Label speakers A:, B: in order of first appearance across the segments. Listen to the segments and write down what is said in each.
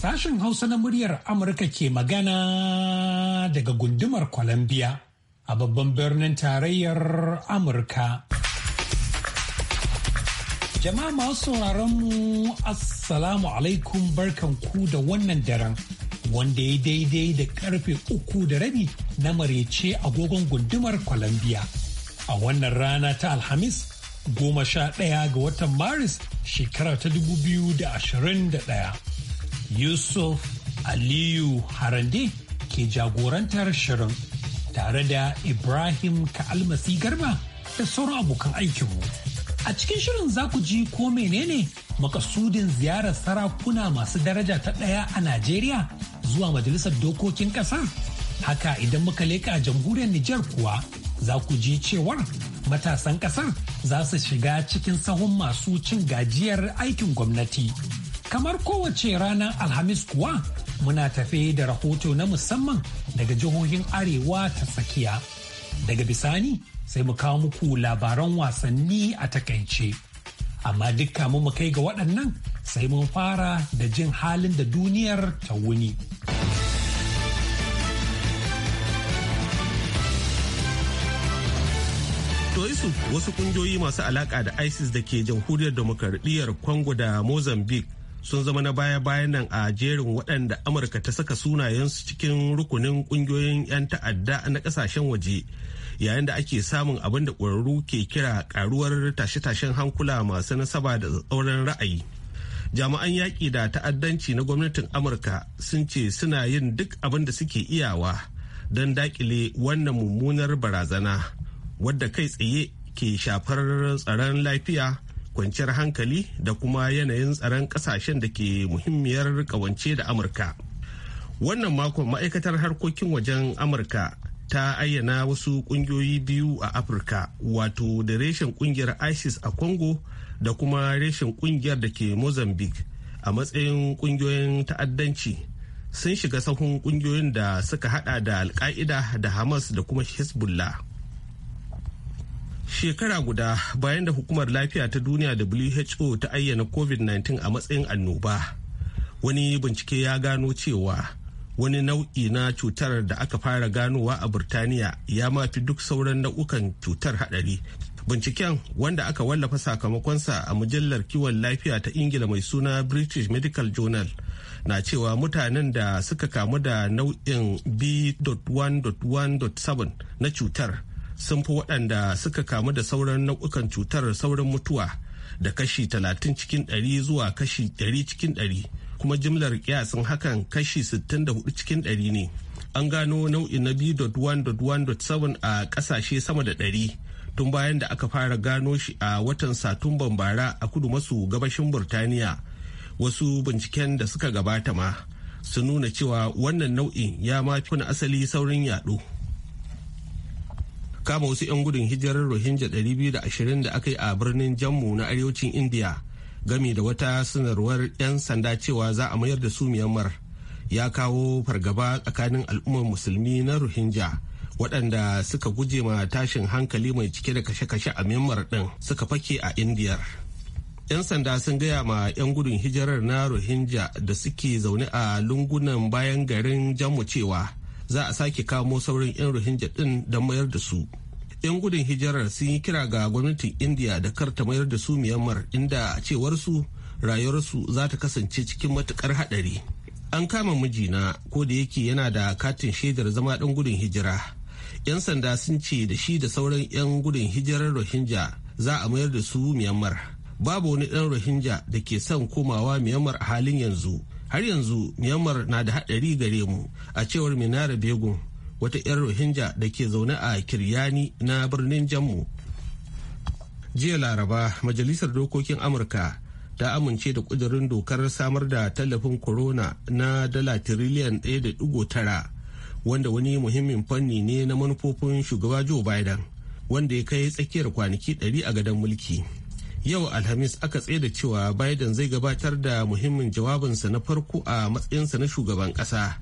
A: Sashen Hausa na muryar Amurka ke magana daga gundumar Columbia a babban birnin tarayyar Amurka. Jama'a masu sauraron mu Assalamu alaikum barkan ku da wannan daren. wanda ya daidai da karfe uku da rabi na marece agogon gundumar Colombia. A wannan rana ta Alhamis goma sha ɗaya ga watan Maris shekara ta dubu biyu da ashirin da ɗaya. Yusuf Aliyu Harande ke jagorantar shirin tare da Ibrahim Ka'almasi Garba da sauran abokan aikinmu. A cikin shirin za ku ji ko menene makasudin ziyarar sarakuna masu daraja ta ɗaya a Najeriya zuwa Majalisar Dokokin Ƙasa? Haka idan muka leka a jamhuriyar Nijar kuwa za ku ji cewar matasan ƙasar za su shiga cikin sahun masu cin gajiyar aikin gwamnati. Kamar kowace ranar Alhamis kuwa muna tafe da rahoto na musamman daga jihohin Arewa ta tsakiya. Daga bisani sai mu kawo muku labaran wasanni a takaice. Amma dukka mu mu kai ga waɗannan sai mun fara da jin halin da duniyar ta wuni. su wasu
B: kungiyoyi masu alaƙa da isis da ke jamhuriyar demokradiyyar congo da mozambique sun zama na baya-bayan nan a jerin waɗanda amurka ta saka sunayensu cikin rukunin kungiyoyin 'yan ta'adda na ƙasashen waje yayin da ake samun abin da ƙwararru ke kira karuwar tashe-tashen hankula masu nasaba da tsauran ra'ayi jami'an yaƙi da ta'addanci na gwamnatin amurka sun ce suna yin duk abin da suke iyawa don daƙile wannan mummunar barazana wadda kai tsaye ke shafar tsaron lafiya kwanciyar hankali da kuma yanayin tsaron ƙasashen da ke muhimmiyar ƙawance da amurka wannan makon ma'aikatar harkokin wajen amurka ta ayyana wasu kungiyoyi biyu a afirka wato da reshen kungiyar isis a congo da kuma reshen kungiyar da ke mozambique a matsayin kungiyoyin ta'addanci sun shiga sahun kungiyoyin da suka hada da alka'ida da hamas da kuma hezbollah shekara guda bayan da hukumar lafiya ta duniya who ta ayyana covid-19 a matsayin annoba wani bincike ya gano cewa wani nau'i na cutar da aka fara ganowa a burtaniya ya mafi duk sauran nau'ukan cutar hadari binciken wanda aka wallafa sakamakonsa a mujallar kiwon lafiya ta ingila mai suna british medical journal na cewa mutanen da suka kamu da nau'in b.1.1.7 na cutar sun fi waɗanda suka kamu da sauran nau'ukan cutar sauran mutuwa da kashi 30 cikin 100 zuwa kashi 100 cikin kuma jimlar kiyasin hakan kashi 64 cikin 100 ne an gano nau'i na 2.1.1.7 a kasashe sama da 100 tun bayan da aka fara gano shi a watan satumban bara a kudu masu gabashin burtaniya wasu binciken da suka gabata ma su nuna cewa wannan nau'in ya mafi kuna asali saurin yaɗo. kama wasu 'yan gudun hijirar rohingya 220 da aka yi a birnin jammu na arewacin indiya gami da wata sanarwar 'yan sanda cewa za a mayar da su Myanmar ya kawo fargaba tsakanin al'ummar musulmi na Rohingya waɗanda suka guje ma tashin hankali mai cike da kashe-kashe a Myanmar ɗin suka fake a Indiyar. 'Yan sanda sun gaya ma 'yan gudun hijirar na Rohingya da suke zaune a lungunan bayan garin Jammu cewa za a sake kamo saurin 'yan Rohingya ɗin don mayar da su. 'yan gudun hijirar sun yi kira ga gwamnatin india da kar ta mayar da su myanmar inda a cewar rayuwarsu za ta kasance cikin matukar hadari an kama mijina ko da yake yana da katin shaidar zama ɗan gudun hijira 'yan sanda sun ce da shi da sauran 'yan gudun hijirar rohingya za a mayar da su myanmar babu wani dan rohingya da ke son komawa myanmar a halin yanzu har yanzu myanmar na da haɗari gare mu a cewar minara begun wata 'yar rohingya da ke zaune a kiryani na birnin jammu jiya laraba majalisar dokokin amurka ta amince da kudurin dokar samar da tallafin corona na dala tiriliyan 1.9 wanda wani muhimmin fanni ne na manufofin shugaba joe biden wanda ya kai tsakiyar kwanaki 100 a gadon mulki. yau alhamis aka da cewa biden zai gabatar da muhimmin jawabinsa na farko a matsayinsa na shugaban kasa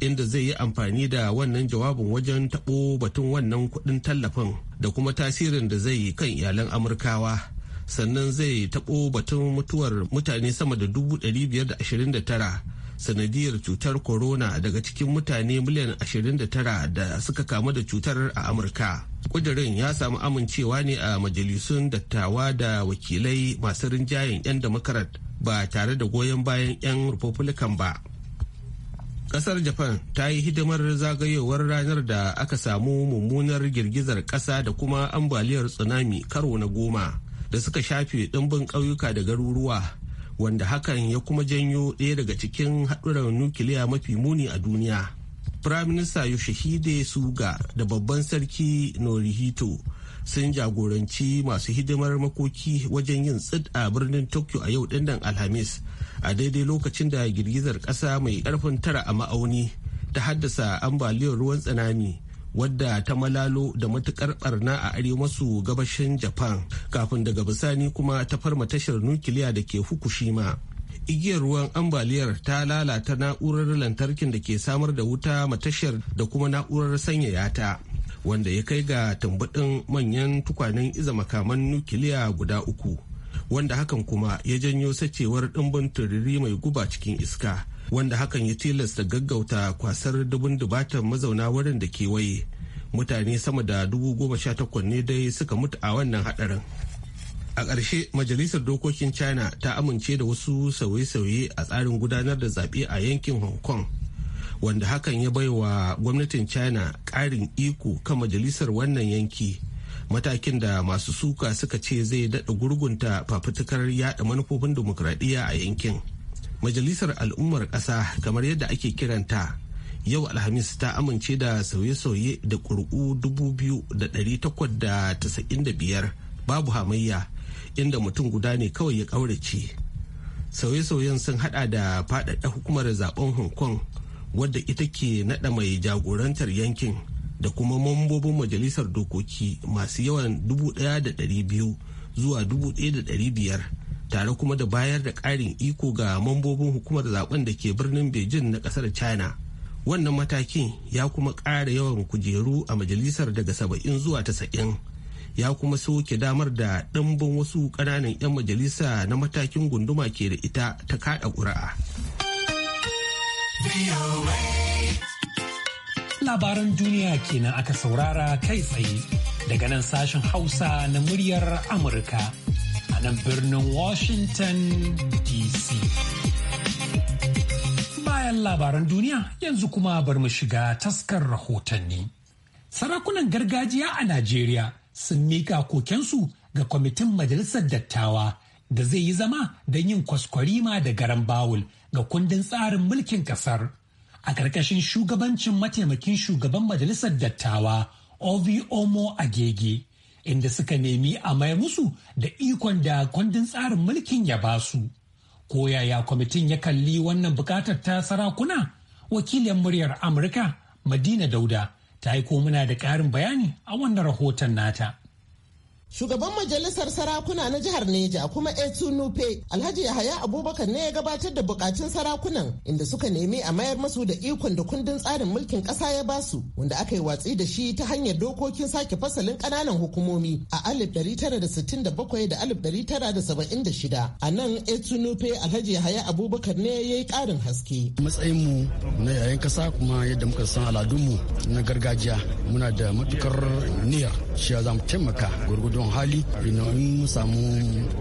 B: inda zai yi amfani da wannan jawabin wajen taɓo batun wannan kuɗin tallafin da kuma tasirin da zai yi kan iyalan amurkawa sannan zai taɓo batun mutuwar mutane sama da 529 sanadiyar cutar corona daga cikin mutane miliyan 29 da suka kamu da cutar a amurka kudirin ya samu amincewa ne a majalisun dattawa da wakilai masu rinjayen 'yan democrat ba tare da goyon bayan 'yan republican ba kasar japan ta yi hidimar zagayowar ranar da aka samu mummunar girgizar kasa da kuma ambaliyar tsunami karo na goma da suka shafe ɗimbin ƙauyuka da garuruwa wanda hakan ya kuma janyo ɗaya daga cikin haɗuran nukiliya mafi muni a duniya firaminista yoshihide suga da babban sarki norihito sun jagoranci masu hidimar makoki wajen yin tsid a birnin tokyo a yau dandan alhamis a daidai lokacin da girgizar kasa mai karfin tara a ma'auni ta haddasa ambaliyar ruwan tsanami wadda ta malalo da matukar barna a arewa maso gabashin japan kafin daga bisani kuma ta farma tashar nukiliya da ke fukushima igiyar ruwan ambaliyar ta lalata na'urar lantarkin da ke samar da wuta matashiyar da kuma na'urar sanyaya ta wanda ya kai ga tambudin manyan tukwanen iza makaman nukiliya guda uku wanda hakan kuma ya janyo sacewar dimbin turiri mai guba cikin iska wanda hakan ya tilasta gaggauta kwasar dubun dubatan mazauna wurin da kewaye mutane sama da dubu goma sha takwas ne dai suka mutu a wannan hadarin a ƙarshe majalisar dokokin china ta amince da wasu sauye-sauye a tsarin gudanar da zaɓe a yankin hong kong wanda hakan ya bai wa gwamnatin china ƙarin iko kan majalisar wannan yanki matakin da masu suka suka ce zai daɗa gurgunta fafutukar yaɗa manufofin dimokuraɗiyya a yankin majalisar al'ummar ƙasa kamar yadda ake kiranta yau alhamis ta amince da sauye-sauye da ƙuri'u biyar babu hamayya inda mutum guda ne kawai ya ƙaurace sauye-sauyen sun hada da faɗaɗa hukumar zaben hong kong wadda ita ke naɗa mai jagorantar yankin da kuma mambobin majalisar dokoki masu yawan 1,200 zuwa 1,500 tare kuma da bayar da ƙarin iko ga mambobin hukumar zaben da ke birnin beijing na ƙasar china wannan matakin ya kuma ƙara yawan kujeru a majalisar daga 70 zuwa 90 ya kuma soke damar da ɗimbin wasu ƙananan 'yan majalisa na matakin gunduma ke da ita ta kaɗa ƙuri'a.
A: Labaran duniya kenan aka saurara kai tsaye daga nan sashen Hausa na muryar Amurka a nan birnin Washington DC. Bayan labaran duniya yanzu kuma bar mu shiga taskar rahotanni. Sarakunan gargajiya a Najeriya sun mika kokensu ga kwamitin majalisar dattawa da zai yi zama don yin kwaskwarima da garan bawul ga kundin tsarin mulkin kasar a ƙarƙashin shugabancin mataimakin shugaban majalisar dattawa ovi omo agege inda suka nemi a mai musu da ikon da kundin tsarin mulkin ya basu ko yaya kwamitin ya kalli wannan bukatar ta sarakuna wakilin muryar amurka madina dauda ta yi ko muna da ƙarin bayani a wannan rahoton nata. Shugaban
C: majalisar sarakuna na jihar Neja kuma Etu Nupe Alhaji Yahaya Abubakar ne ya gabatar da bukatun sarakunan inda suka nemi a mayar masu da ikon da kundin tsarin mulkin kasa ya basu wanda aka yi watsi da shi ta hanyar dokokin sake fasalin kananan hukumomi a 1967 da 1976. A nan Etu Nupe Alhaji Yahaya Abubakar ne ya yi karin haske. mu na yayin kasa kuma yadda muka san al'adunmu na
D: gargajiya muna da matukar niyyar shi za mu taimaka gwargwadon irin hali in samu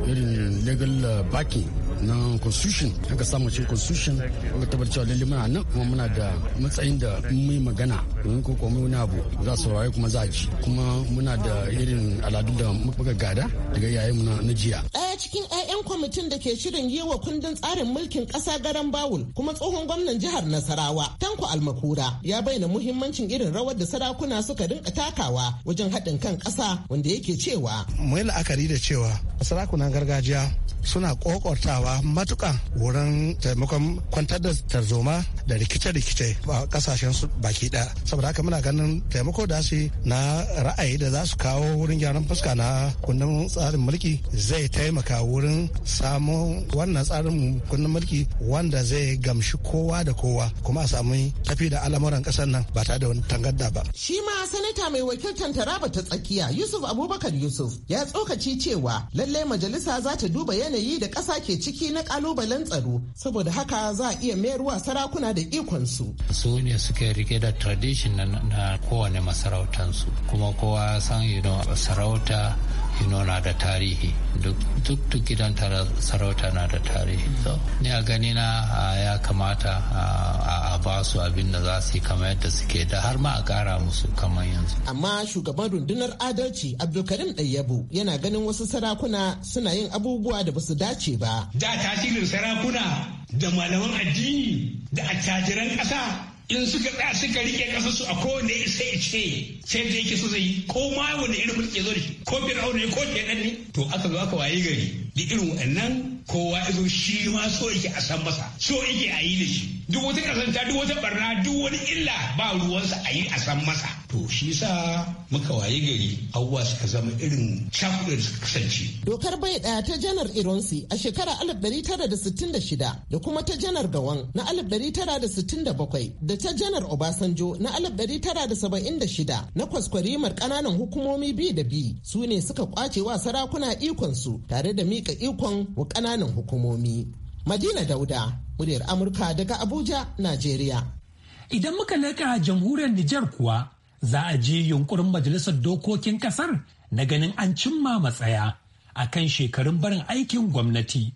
D: irin legal uh, backing na constitution aka samu cikin constitution aka tabbatar cewa lalle muna nan kuma muna da matsayin da mai magana domin ko komai wani abu za su rayu kuma za ji kuma muna da irin al'adun da muka gada daga yayin mu na jiya
C: daya cikin 'ya'yan kwamitin da ke shirin yi wa kundin tsarin mulkin kasa garan bawul kuma tsohon gwamnan jihar nasarawa tanko almakura ya bayyana muhimmancin irin rawar da sarakuna suka rinka takawa wajen haɗin kan ƙasa wanda yake cewa ba. Mu yi la'akari da cewa sarakunan gargajiya suna kokortawa matuka wurin
D: taimakon kwantar da tarzoma da rikice-rikice a kasashen su baki ɗaya saboda haka muna ganin taimako da su na ra'ayi da za su kawo wurin gyaran fuska na kundin tsarin mulki zai taimaka wurin samun wannan tsarin kundin mulki wanda zai gamshi kowa da kowa kuma a samu tafi da al'amuran kasar nan ba tare da wani tangarda
A: ba.
C: Shi ma sanata mai wakiltar Taraba ta tsakiya Yusuf Abubakar Yusuf ya tsokaci cewa lallai majalisa za ta duba yanayin yanayi da ƙasa ke ciki na ƙalubalen tsaro saboda haka za a iya mayarwa sarakuna da ikonsu.
A: su ne suke rike da tradition na kowane masarautansu kuma kowa san yi sarauta Kano na da
E: tarihi duk gidan sarauta na da tarihi mm. ni a gani na ya kamata a ba su abin da za su yi kamar yadda suke da har ma a
A: kara musu kamar yanzu
C: amma shugaban rundunar adalci abdulkarim Ɗayyabu yana ganin wasu sarakuna suna yin abubuwa da ba su dace ba da tasirin sarakuna
A: da malaman addini da attajiran ƙasa in suka da suka rike kasar su a kowane isa ya ce sai da yake so zai ko ma wani irin mulki ya zo da shi ko fir'auna ne ko kenan ne to aka zo aka waye gari da irin wannan kowa izo shi ma so yake a san masa so yake a yi da shi duk wata kasanta duk wata barna duk wani illa ba ruwansa a yi a san masa to shi sa muka waye gari abubuwa suka zama irin cakuɗa da suka kasance.
C: dokar bai ɗaya ta janar ironsi a shekara 1966 da kuma ta janar gawan na 1967 da ta janar obasanjo na 1976 na kwaskwarimar ƙananan hukumomi bi da bi su ne suka kwace wa sarakuna ikonsu tare da mika ikon wa ƙananan hukumomi. Madina Dauda,
A: muryar Amurka daga Abuja, Najeriya. Idan muka laƙa jamhuriyar Nijar kuwa, za a je yunkurin majalisar dokokin kasar na ganin an cimma matsaya a kan shekarun barin aikin gwamnati,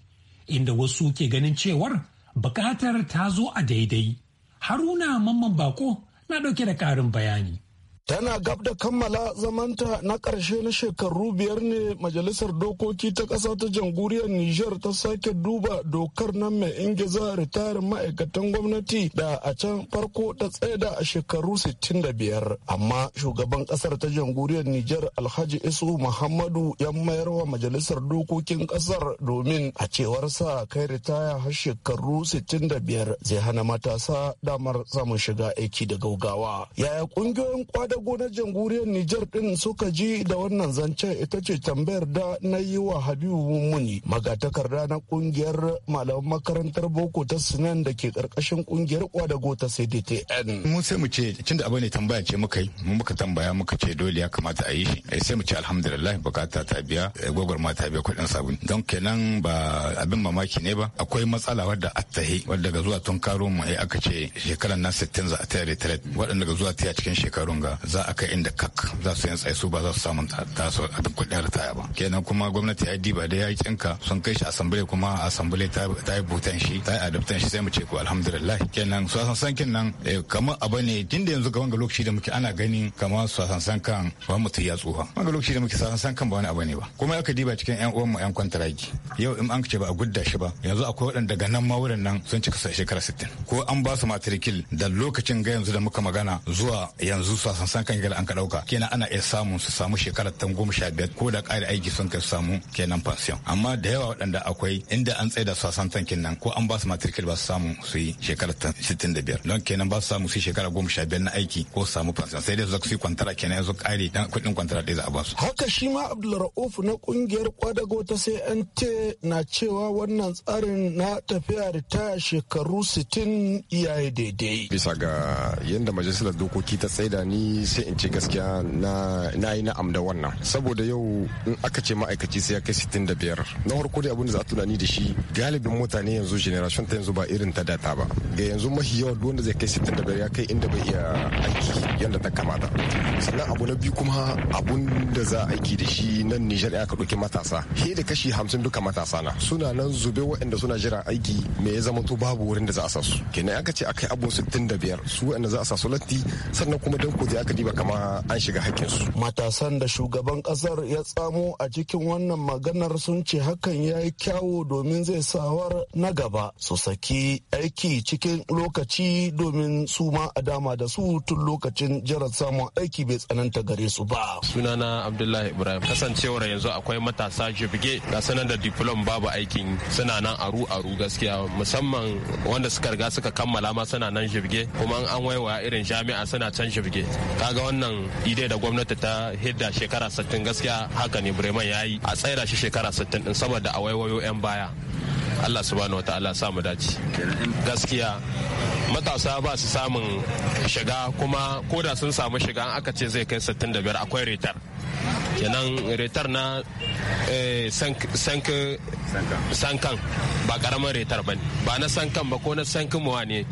A: inda wasu ke ganin cewar bukatar ta zo a daidai. Haruna Mamman Bako na ɗauke da ƙarin bayani.
D: tana gab da kammala zamanta na ƙarshe na shekaru biyar ne majalisar dokoki ta ƙasa ta jamhuriyar niger ta sake duba dokar nan mai ingiza ritayar ma'aikatan gwamnati da a can farko ta tsaida a shekaru 65 amma shugaban ƙasar ta jamhuriyar niger alhaji isu muhammadu ya mayar wa majalisar dokokin ƙasar domin a cewarsa kai ritaya har shekaru 65 zai hana matasa damar samun shiga aiki da gaugawa yaya ƙungiyoyin kwada da gonar jamhuriyar Nijar din suka ji da wannan zancen ita ce tambayar da na yi wa Habibu Muni magatakarda na kungiyar malaman makarantar boko ta Sinan da ke karkashin kungiyar kwadago ta CDTN.
F: Mun sai mu ce tunda abu ne tambaya ce muka yi mu muka tambaya muka ce dole ya kamata a yi shi eh, sai mu ce alhamdulillah bukata ta biya eh, ma ta biya kuɗin sabon don kenan ba abin mamaki ne ba akwai matsala wadda a yi wadda ga zuwa tun karo mu eh, aka ce shekaran na 60 za a tare tare waɗanda ga zuwa ta cikin shekarun ga za a kai inda kak za su yin su ba za su samu tasu abin kuɗin ritaya ba kenan kuma gwamnati ya diba da ya yi cinka sun kai shi asambule kuma asambule ta yi butan shi ta yi adaptan shi sai mu ce ko alhamdulillah kenan su san nan eh, kamar abu ne tun da yanzu ga wanga lokaci da muke ana gani kamar su san kan ba mu tiya tsufa wanga lokaci da muke san kan ba wani abu ne ba kuma aka diba cikin yan uwan mu yan kwantaragi yau in an ce ba a gudda shi ba yanzu akwai waɗanda daga nan ma wurin nan sun cika shekara 60 ko an ba su matrikil da lokacin ga yanzu da muka magana zuwa yanzu su san san kan gal an ka dauka kenan ana iya samun su samu shekara tan goma sha biyar ko da ƙari aiki sun kai samu kenan pension amma da yawa waɗanda akwai inda an da su a san tankin nan ko an ba su matrikil ba su samu su yi shekara tan sittin da biyar don kenan ba su samu su shekara goma sha biyar na aiki ko su samu pension sai dai su su yi kwantara kenan yanzu ƙari dan kuɗin kwantara ɗaya za a ba su.
D: haka shi ma abdulrahman na ƙungiyar kwadago ta sai an ce na cewa wannan tsarin na tafiya da ta
F: shekaru sittin iyaye daidai. bisa ga yadda majalisar dokoki ta tsaida ni sai in ce gaskiya na yi na'am da wannan saboda yau in aka ce ma'aikaci sai ya kai sittin da biyar na farko dai abin da za a tunani da shi galibin mutane yanzu generation ta yanzu ba irin ta data ba ga yanzu mafi yawan wanda zai kai sittin da biyar ya kai inda bai iya aiki yadda ta kamata sannan abu na biyu kuma abun da za a aiki da shi nan nijar ya ka ɗauki matasa he da kashi hamsin duka matasa na suna nan zube waɗanda suna jira aiki me ya zama to babu wurin da za a sa su kenan aka ce akai abun sittin da biyar su waɗanda za a sa su latti sannan kuma dan ko aka ba kama an shiga hakkinsu.
D: Matasan da shugaban kasar ya tsamo a cikin wannan maganar sun ce hakan ya yi kyawo domin zai sawar na gaba
F: su saki
D: aiki cikin lokaci domin su ma a dama da su tun lokacin jiran samun aiki bai tsananta gare su ba.
B: Sunana Abdullahi Ibrahim kasancewar yanzu akwai matasa jibge ga sanar da diplom babu aikin suna nan aru aru gaskiya musamman wanda suka riga suka kammala ma suna nan jibge kuma an waiwa irin jami'a suna can jibge kaga wannan idai da gwamnati ta hidda shekara 60 gaskiya haka ne bremen ya yi a tsaira shi shekara 60 din saboda a waiwayo 'yan baya allah subhanahu wataala sa samu dace gaskiya matasa ba su samun shiga kuma koda sun samu shiga an aka ce zai kai 65 akwai retar kenan retar na eh, sankan ba karamin retar ba ne ba na sankan ba ko na sankin muwa ne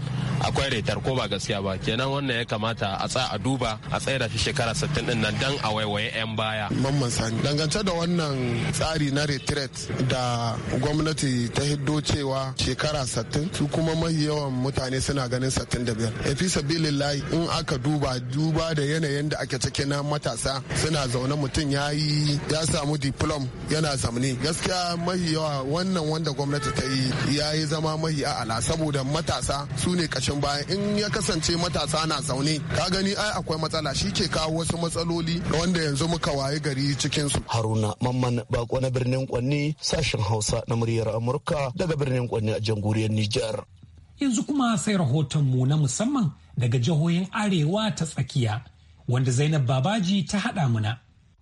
B: akwai retar ko ba gaskiya ba kenan wannan ya kamata a tsa a duba a da shi shekara 60 din nan dan a waiwaye 'yan baya
D: mamman sani dangance da wannan tsari na retret da gwamnati ta hiddo cewa shekara 60 su kuma mai yawan mutane suna ganin 65 efi sabilillahi in aka duba duba da yanayin da ake cike na matasa suna zaune mutum ya yi ya samu diplom yana zamani gaskiya mahi yawa wannan wanda gwamnati ta yi ya yi zama mahi ala saboda matasa su ne kashin baya in ya kasance matasa na zaune ka gani ai akwai matsala shi ke kawo wasu matsaloli wanda yanzu muka waye gari cikin su haruna mamman bako na birnin kwanni sashen hausa na muryar amurka daga birnin kwanni a jamhuriyar nijar
A: yanzu kuma sai rahoton mu na musamman daga jihohin arewa ta tsakiya wanda zainab babaji ta haɗa muna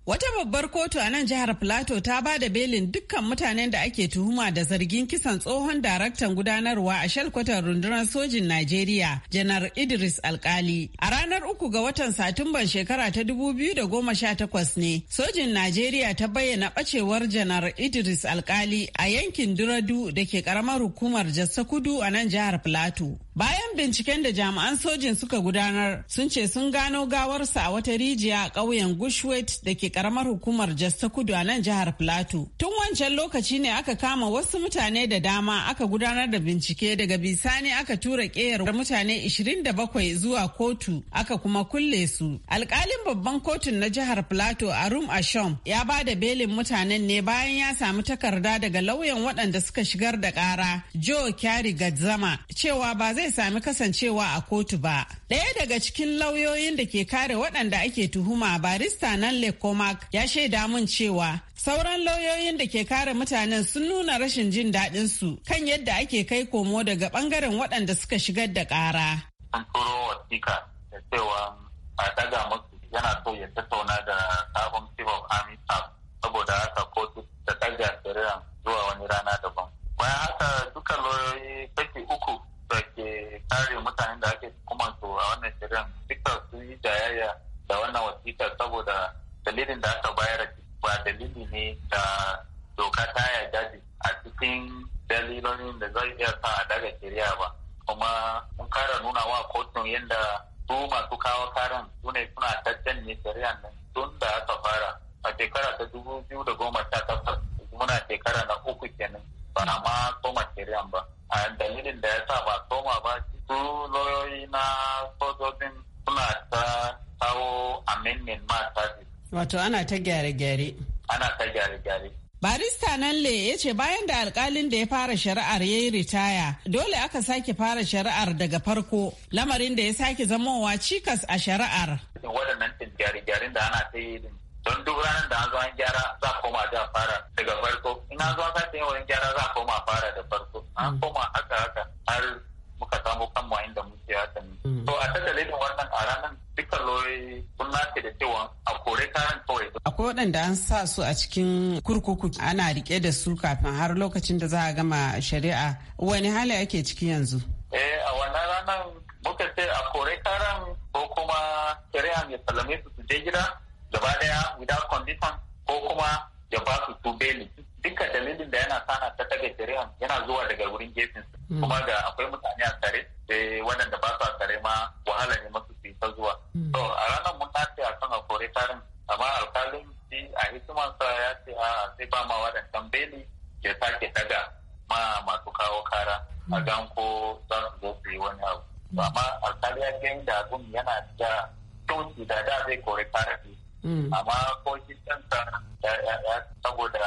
G: Wata babbar kotu a nan jihar Plateau ta ba da belin dukkan mutanen da ake tuhuma da zargin kisan tsohon daraktan gudanarwa a shalkwatar rundunar sojin Najeriya, Janar Idris Alkali. A ranar uku ga watan Satumban shekara ta 2018 ne, sojin Najeriya ta bayyana bacewar Janar Idris Alkali a yankin Duradu da ke karamar hukumar Jassa Kudu a nan jihar Plateau. Bayan binciken da jami'an sojin suka gudanar, sun ce sun gano gawarsa a wata rijiya a ƙauyen Gushwet da ke karamar hukumar Jos ta Kudu a nan jihar Plateau. Tun wancan lokaci ne aka kama wasu mutane da dama aka gudanar da bincike daga bisani aka tura keyar mutane 27 zuwa kotu aka kuma kulle su. Alkalin babban kotun na jihar Plateau Arum Ashom ya ba da belin mutanen ne bayan ya samu takarda daga lauyan waɗanda suka shigar da ƙara Joe Kyari Gadzama cewa ba zai sami kasancewa a kotu ba. Ɗaya daga cikin lauyoyin da ke kare waɗanda ake tuhuma barista nan Lekoma mark ya shaida mun cewa sauran lauyoyin da ke kare mutanen sun nuna rashin jin daɗin su kan yadda ake kai komo daga ɓangaren waɗanda suka shigar da ƙara.
H: An turo wasiƙa da cewa a daga musu yana so ya tattauna da sabon chief of army staff saboda haka kotu ta ɗaga shari'a zuwa wani rana daban. Bayan haka duka lauyoyi kashi uku da ke kare mutanen da ake kuma su a wannan shari'a duka sun yi jayayya da wannan wasiƙa saboda dalilin da aka bayar ba dalili ne da doka ta yarda a cikin dalilolin da zai iya sa a daga shari'a ba kuma mun kara nuna wa kotun yadda su masu kawo karan su ne suna tattalin ne shari'a nan tun da aka fara a shekara ta dubu biyu da
G: Wato ana ta gyare-gyare.
H: Ana ta gyare-gyare.
G: Barista Nalle ya ce bayan da alkalin da ya fara shari'ar ya yi ritaya, dole aka sake fara shari'ar daga farko, lamarin da ya sake zamowa cikas a shari'ar.
H: Waɗannan gyare-gyaren da ana ta yi don duk ranar da an zo an gyara za a koma a fara daga farko. In an zo an sake yin wani gyara za a koma fara da farko. An koma
G: waɗanda an sa su a cikin kurkuku ana rike da su kafin har lokacin da za a gama shari'a wani hali ake ciki yanzu eh a wannan ranar muka ce a kore karan ko kuma shari'a
H: mai salame su su je gida gaba daya without condition ko kuma ya ba su su beli dukkan dalilin da yana sana ta daga shari'a yana zuwa daga wurin gefen hmm. kuma ga akwai mutane a tare eh, waɗanda ba su a tare ma wahala ne masu su ta zuwa hmm. to a ranar mun tace a kan a kore karan amma alkalin shi a sa ya ce a sai ba ma waɗannan beli ya sake daga ma masu kawo kara a hmm. gan ko za su zo su yi wani abu amma alkali ya yin da abun yana da tunsi da da zai kori ne hmm. amma ko shi canza saboda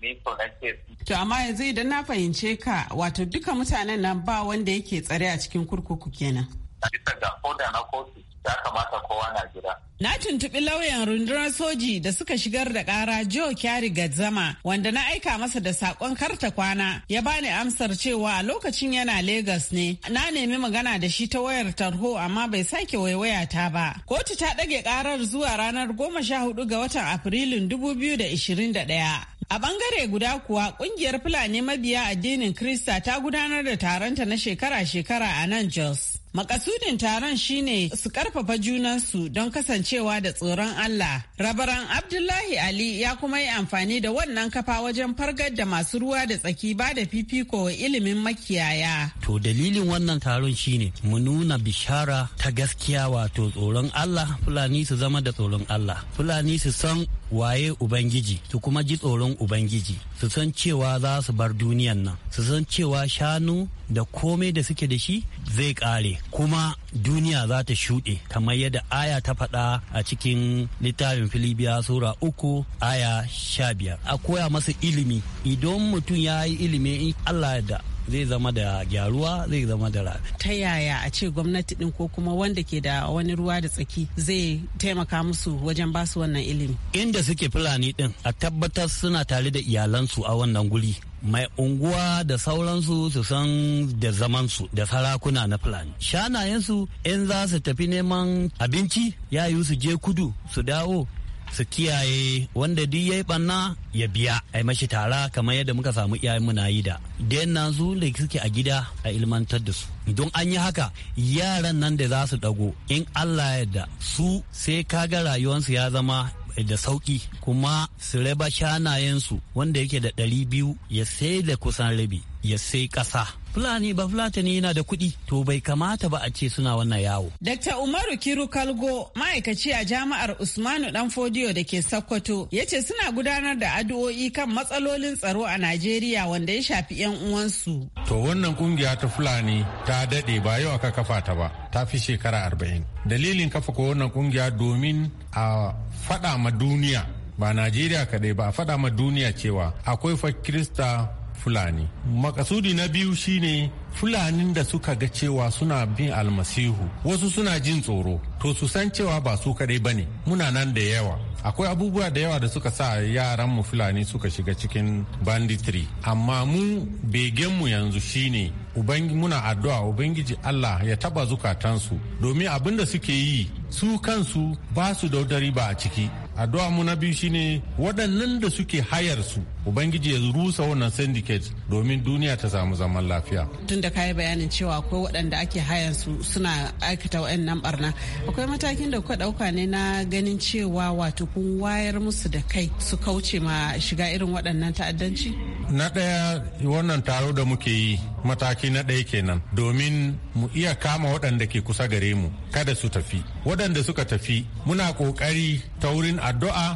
H: miko na ke
G: to amma yanzu idan na fahimce ka wato duka mutanen nan ba wanda yake tsare a cikin kurkuku kenan
H: bisa ga da na kotu ya kamata kowa na gida.
G: Na tuntuɓi lauyan rundunar soji da suka shigar da ƙara Joe Kyari Gadzama wanda na aika masa da saƙon karta kwana ya bani amsar cewa lokacin yana Legas ne. Na nemi magana da shi ta wayar tarho amma bai sake waiwaya ta ba. Kotu ta ɗage ƙarar zuwa ranar goma sha hudu ga watan Afrilun dubu biyu da ishirin da ɗaya. A bangare guda kuwa ƙungiyar Fulani mabiya addinin Krista ta gudanar da taronta na shekara-shekara a nan Jos. Makasudin taron shine su karfafa junansu don kasancewa da tsoron Allah. Rabaran Abdullahi Ali ya kuma yi amfani da wannan kafa wajen fargar da masu ruwa da tsaki ba da fifiko wa ilimin makiyaya.
E: To dalilin wannan taron shine mu nuna bishara ta gaskiya wato tsoron Allah Fulani su zama da tsoron Allah. Fulani su san waye ubangiji su kuma ji tsoron ubangiji su san cewa za su bar duniyan nan su san cewa shanu da komai da suke da shi zai kare kuma duniya za ta shuɗe kamar yadda aya ta faɗa a cikin littafin filibiya sura uku aya sha biyar a koya masa ilimi idan mutum ya yi ilimi in allah da zai zama da gyaruwa zai zama da rabe.
G: ta yaya a ce gwamnati din ko kuma wanda ke da wani ruwa da tsaki zai taimaka musu wajen basu wannan ilimi
E: inda suke fulani din a tabbatar suna tare da iyalansu a wannan guri mai unguwa da sauransu su san da zamansu da sarakuna na fulani shanayensu in za su tafi neman abinci ya yi su je kudu su dawo su kiyaye wanda duk yi banna ya biya a mashi tara kamar yadda muka samu iyayen muna yi da den na zu da suke a gida a ilmantar da su don an yi haka yaran nan da za su dago in Allah yadda su sai kaga rayuwarsu ya zama da sauki kuma su raba shanayensu wanda yake da ɗari biyu ya sai da kusan rabi ya sai ƙasa fulani ba fulatani yana da kuɗi to bai kamata ba a ce suna wannan yawo.
G: Dr. Umaru Kiru Kalgo ma'aikaci a jami'ar Usmanu Danfodiyo da ke Sokoto ya ce suna gudanar da addu'o'i kan matsalolin tsaro a Najeriya wanda ya shafi 'yan uwansu.
I: To wannan kungiya ta Fulani ta daɗe ba yau aka kafa ta ba ta fi shekara arba'in. Dalilin kafa ko wannan kungiya domin a faɗa ma duniya ba Najeriya kaɗai ba a faɗa ma duniya cewa akwai fa Krista fulani makasudi na biyu shine fulanin da suka ga cewa suna bin almasihu wasu suna jin tsoro to su san cewa ba su kadai ba ne muna nan da yawa akwai abubuwa da yawa da suka sa yaran mu fulani suka shiga cikin banditry amma mu begenmu yanzu shine ubangi muna addu'a ubangiji Allah ya taba zukatansu domin abin da suke yi su kansu ba su daudari ba a ciki addu'a mu na biyu shine waɗannan da suke hayar su ubangiji ya rusa wannan syndicate domin duniya ta samu zaman lafiya
G: tun da kayi bayanin cewa akwai waɗanda ake hayar su suna aikata waɗannan barna akwai matakin da kuka ɗauka ne na ganin cewa wato kun wayar musu da kai su kauce ma shiga irin waɗannan ta'addanci?
I: Na ɗaya wannan taro da muke yi mataki na ɗaya kenan domin mu iya kama waɗanda ke kusa gare mu kada su tafi. Waɗanda suka tafi muna ƙoƙari ta wurin addu'a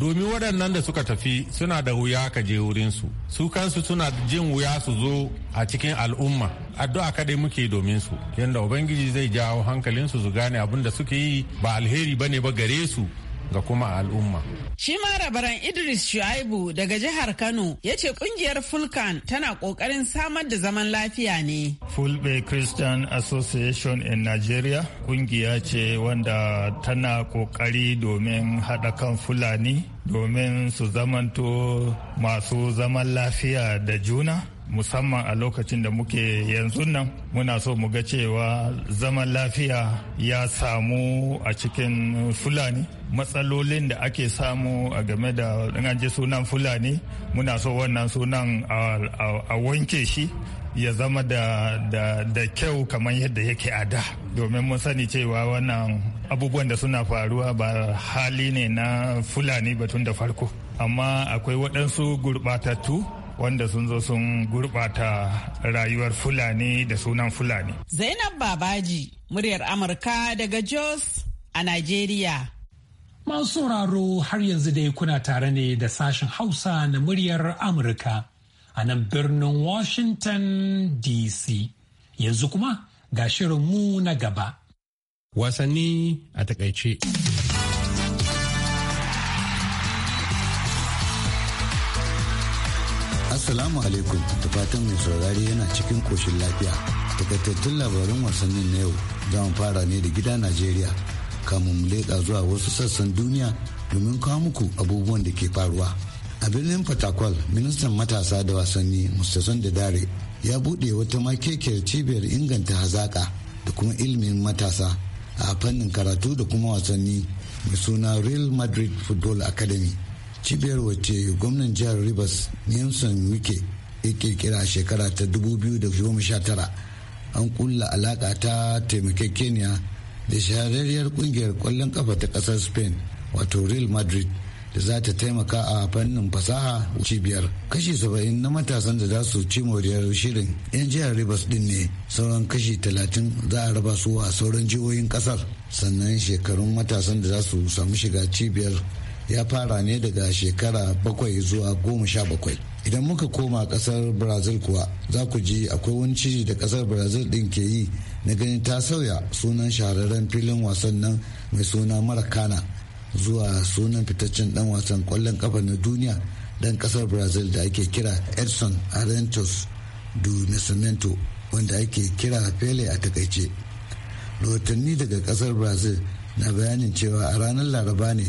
I: domin waɗannan da suka tafi suna da wuya ka je wurinsu su kansu suna jin wuya su zo a cikin al'umma addu'a kadai muke domin su yadda ubangiji zai jawo hankalin su su gane abin da suke yi ba alheri bane ba gare su ga kuma al'umma.
G: Shi ma rabaran Idris Shu'aibu daga jihar Kano ya ce kungiyar Fulkan tana kokarin samar da zaman lafiya ne.
I: Fulbe Christian
F: Association in Nigeria kungiya ce wanda tana kokari domin haɗa kan Fulani domin su zamanto masu zaman lafiya da juna. musamman a lokacin da muke yanzu nan muna so mu ga cewa zaman lafiya ya samu a cikin fulani matsalolin da ake samu a game da je sunan fulani muna so wannan sunan a wanke shi ya zama da, da, da kyau kamar yadda yake a da domin mun sani cewa wannan abubuwan da suna faruwa ba hali ne na fulani batun da farko amma akwai waɗansu gurɓatattu wanda sun zo sun gurɓata rayuwar fulani da sunan fulani
G: zainab babaji muryar amurka daga jos a najeriya
A: masu sauraro har yanzu dai kuna tare ne da sashen hausa na muryar amurka a nan birnin washington dc yanzu kuma ga shirin mu na gaba wasanni a takaice
J: Assalamu alaikum da fatan mai saurari yana cikin koshin lafiya. Takaitattun labarin wasannin na yau za mu fara ne da gida Najeriya kamun mu leƙa zuwa wasu sassan duniya domin kawo muku abubuwan da ke faruwa. A birnin Fatakwal, ministan matasa da wasanni Mustason da Dare ya buɗe wata makekiyar cibiyar inganta hazaƙa da kuma ilimin matasa a fannin karatu da kuma wasanni mai suna Real Madrid Football Academy. cibiyar wace gwamnan jihar rivers nelson wike ya kirkira a shekara ta 2019 an kulla alaka ta taimakekeniya da shahararriyar kungiyar kwallon kafa ta kasar spain wato real madrid da za ta taimaka a fannin fasaha cibiyar kashi saba'in na matasan da za su ci moriyar shirin yan jihar rivers din ne sauran kashi talatin za a raba su a sauran jihohin kasar sannan shekarun matasan da za su samu shiga cibiyar ya fara ne daga shekara bakwai zuwa goma sha bakwai idan muka koma kasar brazil kuwa za ku ji akwai wani ciji da kasar brazil din ke yi na ganin ta sauya sunan shahararren filin wasan nan mai suna mara kana zuwa sunan fitaccen dan wasan kwallon kafa na duniya dan kasar brazil da ake kira edson arentos do nascimento wanda ake kira pele a takaice rahotanni daga kasar brazil na bayanin cewa a ranar laraba ne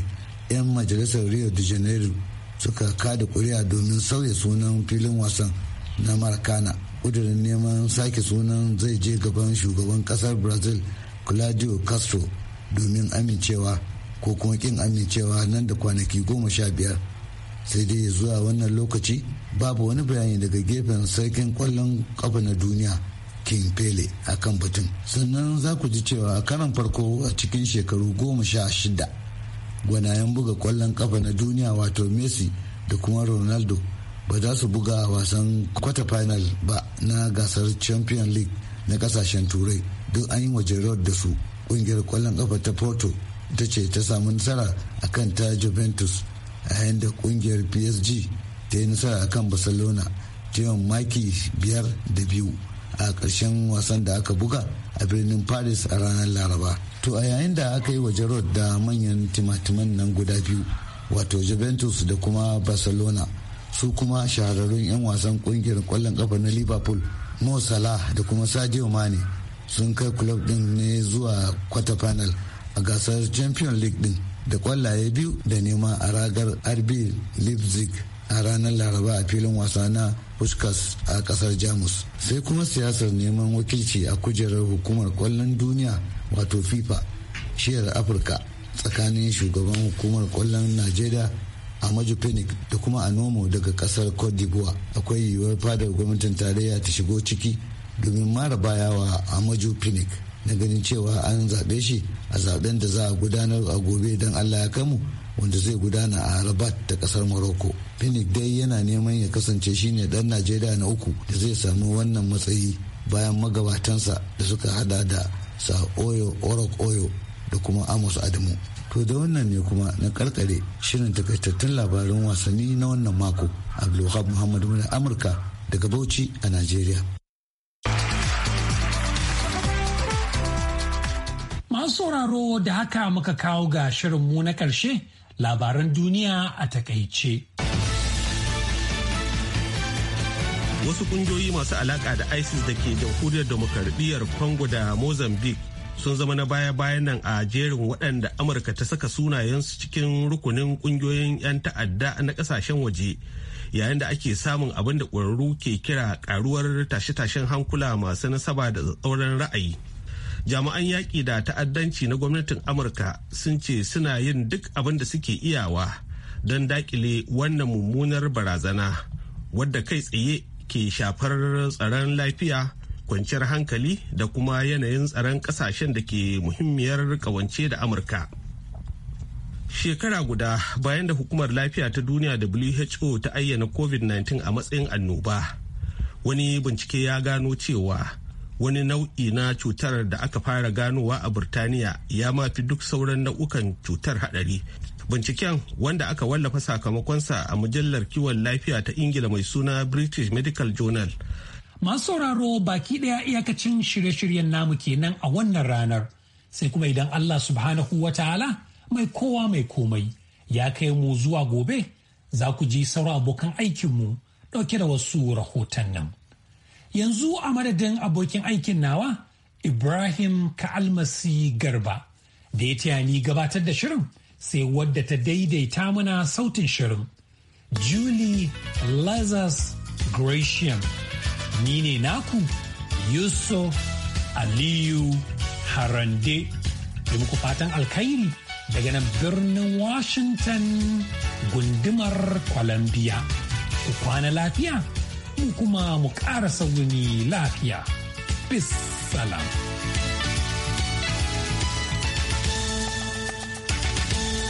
J: 'yan majalisar rio de janeiro suka kada kuri'a domin sauya sunan filin wasan na maracana ƙudurin neman sake sunan zai je gaban shugaban kasar brazil claudio castro domin amincewa ko kuma kin amincewa nan da kwanaki goma sha biyar sai dai zuwa wannan lokaci babu wani bayani daga gefen sarkin kwallon kafa na duniya king pele a kan batun sannan za ku ji cewa a karan farko a cikin shekaru goma sha shida gwanayen buga kwallon kafa na duniya wato messi da kuma ronaldo ba za su buga wasan kwata final ba na gasar champion league na kasashen turai duk an yi wajen da su kungiyar kwallon kafa ta porto ita ce ta samu nasara akan ta juventus a yayin da kungiyar psg ta yi nasara akan barcelona yawan maki biyar da biyu a ƙarshen wasan da aka buga a birnin paris a ranar laraba to a yayin da aka yi wa Giroud da manyan timatiman nan guda biyu wato Juventus da kuma Barcelona su kuma shahararrun 'yan wasan kungiyar kwallon kafa na Liverpool Mo Salah da kuma Sadio Mane sun kai club din ne zuwa quarter final a gasar champion League din da kwallaye biyu da nema a ragar RB Leipzig a ranar laraba a filin wasa na Puskas a kasar Jamus sai kuma siyasar neman wakilci a kujerar hukumar kwallon duniya wato fifa shiyar afirka tsakanin shugaban hukumar kwallon najeriya a phoenix da kuma a nomo daga kasar cote d'ivoire akwai yiwuwar fadar gwamnatin tarayya ta shigo ciki domin mara baya wa a phoenix na ganin cewa an zaɓe shi a zaɓen da za a gudanar a gobe don allah ya kamu wanda zai gudana a rabat da kasar morocco phoenix dai yana neman ya kasance shine dan najeriya na uku da zai samu wannan matsayi bayan magabatansa da suka hada da sa oyo orok oyo da kuma amos adamu to da wannan ne kuma na karkare shirin takaitattun labarin wasanni na wannan mako abdulwahab muhammadu na amurka daga bauchi a najeriya
A: masu sauraro da haka muka kawo ga shirin mu na karshe labaran duniya a takaice.
B: wasu kungiyoyi masu alaka da isis da ke jamhuriyar demokaradiyyar congo da mozambique sun zama na baya-bayan nan a jerin waɗanda amurka ta saka sunayensu cikin rukunin kungiyoyin 'yan ta'adda na ƙasashen waje yayin da ake samun abin da ƙwararru ke kira karuwar tashe-tashen hankula masu nasaba da tsauran ra'ayi jami'an yaƙi da ta'addanci na gwamnatin amurka sun ce suna yin duk abin da suke iyawa don daƙile wannan mummunar barazana wadda kai tsaye ke shafar tsaron lafiya kwanciyar hankali da kuma yanayin tsaron kasashen da ke muhimmiyar kawance da amurka shekara guda bayan da hukumar lafiya ta duniya who ta ayyana covid-19 a matsayin annoba wani bincike ya gano cewa wani nau'i na cutar da aka fara ganowa a burtaniya ya mafi duk sauran nau'ukan cutar hadari binciken wanda aka wallafa sakamakonsa a mujallar kiwon lafiya ta ingila mai
A: suna british medical journal masu sauraro baki daya iyakacin shirye-shiryen namu kenan a wannan ranar sai kuma idan allah subhanahu wa ta'ala mai kowa mai komai ya kai mu zuwa gobe za ku ji sauran abokan aikinmu dauke da wasu rahoton nan yanzu a madadin abokin aikin nawa ibrahim ka'almasi garba da ya taya ni gabatar da shirin sai wadda ta daidaita mana sautin shirin. Julie Lazarus Gratian, Ni ne naku Yusuf Aliyu Harande. Da muku fatan alkhairi daga nan birnin Washington gundumar Columbia. Ku kwana lafiya, mu kuma mu ƙara sauni lafiya. Peace salam.